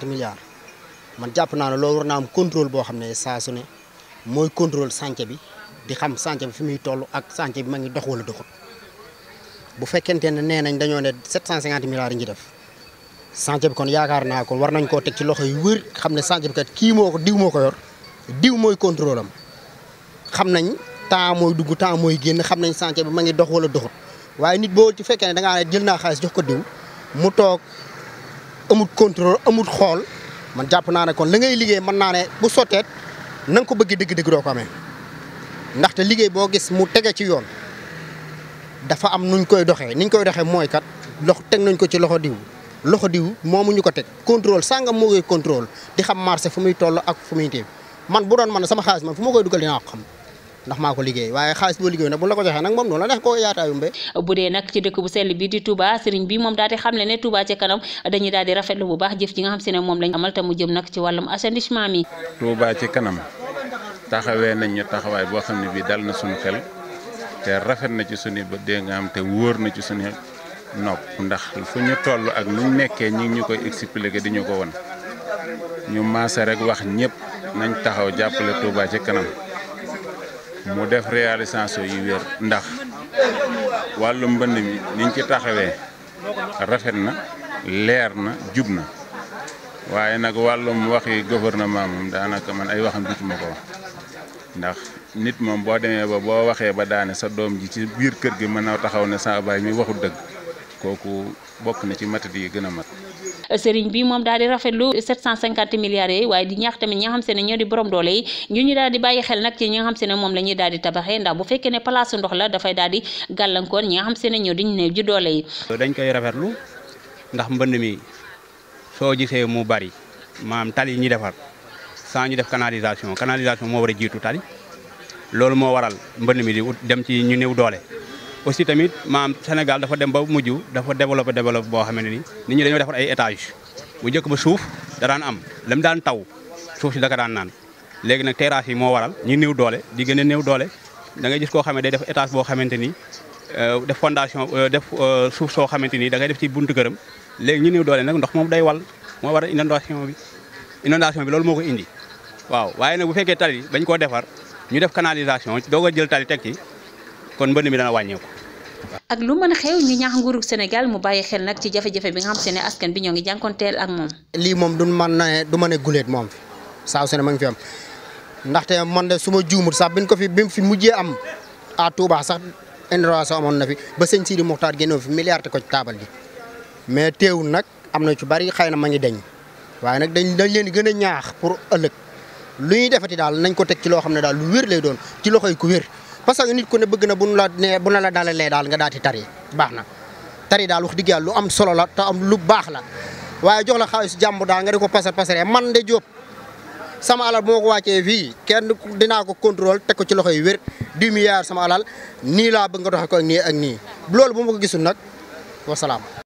cinquante milliards man jàpp naa ne loolu war naa am contrôle boo xam ne saa su ne mooy contrôle chantier bi di xam chantier bi fi muy toll ak chantier bi ma ngi dox wala doxul bu fekkente ne nee nañ dañoo ne sept cent cinquante milliards ñu def chantier bi kon yaakaar naa kon war nañ koo teg ci loxo yu wër xam ne chantier bi kii moo ko diw moo ko yor diw mooy contrôle am xam nañ temps mooy dugg temps mooy génn xam nañ chantier bi ma ngi dox wala doxut waaye nit boo fekkee ne da ne jël naa xaalis jox ko diw mu toog amut contrôle amut xool man jàpp naa ne kon la ngay liggéey mën naa ne bu sotteet nanga ko bëgg digg dëgg doo ko amee ndaxte liggéey boo gis mu tege ci yoon dafa am nu ñu koy doxee ñu koy doxee mooy kat lox teg nañ ko ci loxo diw loxo diw mu ñu ko teg contrôle sàngam moo koy contrôle di xam marché fu muy toll ak fu muy téye man bu doon man sama xaalis man fu ma koy dugal dinaa ko xam ndax maa ko liggéey waaye xaalis boo liggéey nag bu la ko joxee nag moom noonu la neex koo yaataayumbe bu dee nag ci dëkk bu sell bi di Touba sëriñ bi moom daal di xamle ne Touba ca kanam dañuy daal di rafetlu bu baax jëf ji nga xam si ne moom lañ amal te mu jëm nag ci wàllum kanam taxawee nañ ñu taxawaay boo xam ne bii dal na suñu xel te rafet na ci suñu ba dee nga am te wóor na ci suñu nopp ndax fu ñu toll ak nuñ nekkee ñi ñu koy expliquer di ñu ko won ñu maase rek wax ñëpp nañ taxaw jàppale Touba ci kanam mu def réalisation yu wér ndax wàllu mbënd mi niñ ci taxawee rafet na leer na jub na waaye nag wàllum waxi gouvernement moom daanaka man ay waxam jotuma ko wax ndax nit moom boo demee ba boo waxee ba daane sa doom ji ci biir kër gi mën a taxaw ne sa baay mi waxul dëgg kooku bokk na ci matat yi gën a mat sëriñ bi moom daal di rafetlu 750 milliards yooyu waaye di ñaax tamit ñi nga xam se ne ñoo di borom doole yi ñu ñu daal di bàyyi xel nag ci ñi nga xam se ne moom la daal di tabaxee ndax bu fekkee ne place ndox la dafay daal di gàllankoor ñi nga xam seen ne ñoo di néew ji doole yi. dañ koy rafetlu ndax mbënd mi soo gisee mu bari maam tali yi ñuy defar saa ñu def canalisation canalisation moo war a jiitu tali loolu moo waral mbënn mi di dem ci ñu néew doole aussi tamit maam Sénégal dafa dem ba mujj dafa développé développé boo xamante ni ñu ñi dañoo defar ay étage bu njëkk ba suuf daraan am lam daan taw suuf si daka daan naan léegi nag terrasse yi moo waral ñu néew doole di gën a néew doole da ngay gis koo xam ne day def étage boo xamante ni euh, def fondation euh, def euh, suuf soo xamante ni da def ci buntu këram léegi ñu néew doole nag ndox moom day wal moo waral inondation bi inondation bi loolu moo ko indi waaw waaye nag bu fekkee tali bañ koo defar ñu def canalisation doog a jël tali teg kon mbënd mi dana wàññeeku. ak lu mën a xew ñu ñaax nguurug Sénégal mu bàyyi xel nag ci jafe-jafe bi nga xam se askan bi ñoo ngi jànkonteel ak moom. lii moom du man na du mën a guleet moom saa su ne ma ngi fi am ndaxte man de su ma juumut sax biñ ko fi bi fi mujjee am à Touba sax inondation amoon na fi ba sëñ Sidi Muxtaar génnoon fi milliard ko ci taabal ji mais teewul nag am na ci bari xay na ma ngi deñ waaye nag dañ dañ leen gën a ñaax pour ëllëg lu ñuy defati daal nañ ko te ci loo xam ne daal lu wér parce que nit ku ne bëgg na bu nu la nee bu na la dalalee daal nga daati tari baax na tari daal wax dëgg yàlla lu am solo la te am lu baax la waaye jox la xaalis jàmb daal nga di ko pasar pasaree man de Diop sama alal bu ma ko wàccee fii kenn dinaa ko contrôle teg ko ci loxo yi wér 10 milliards sama alal nii laa bëgg nga doxee ko ak nii ak nii loolu bu ma ko gisul nag wasalaam.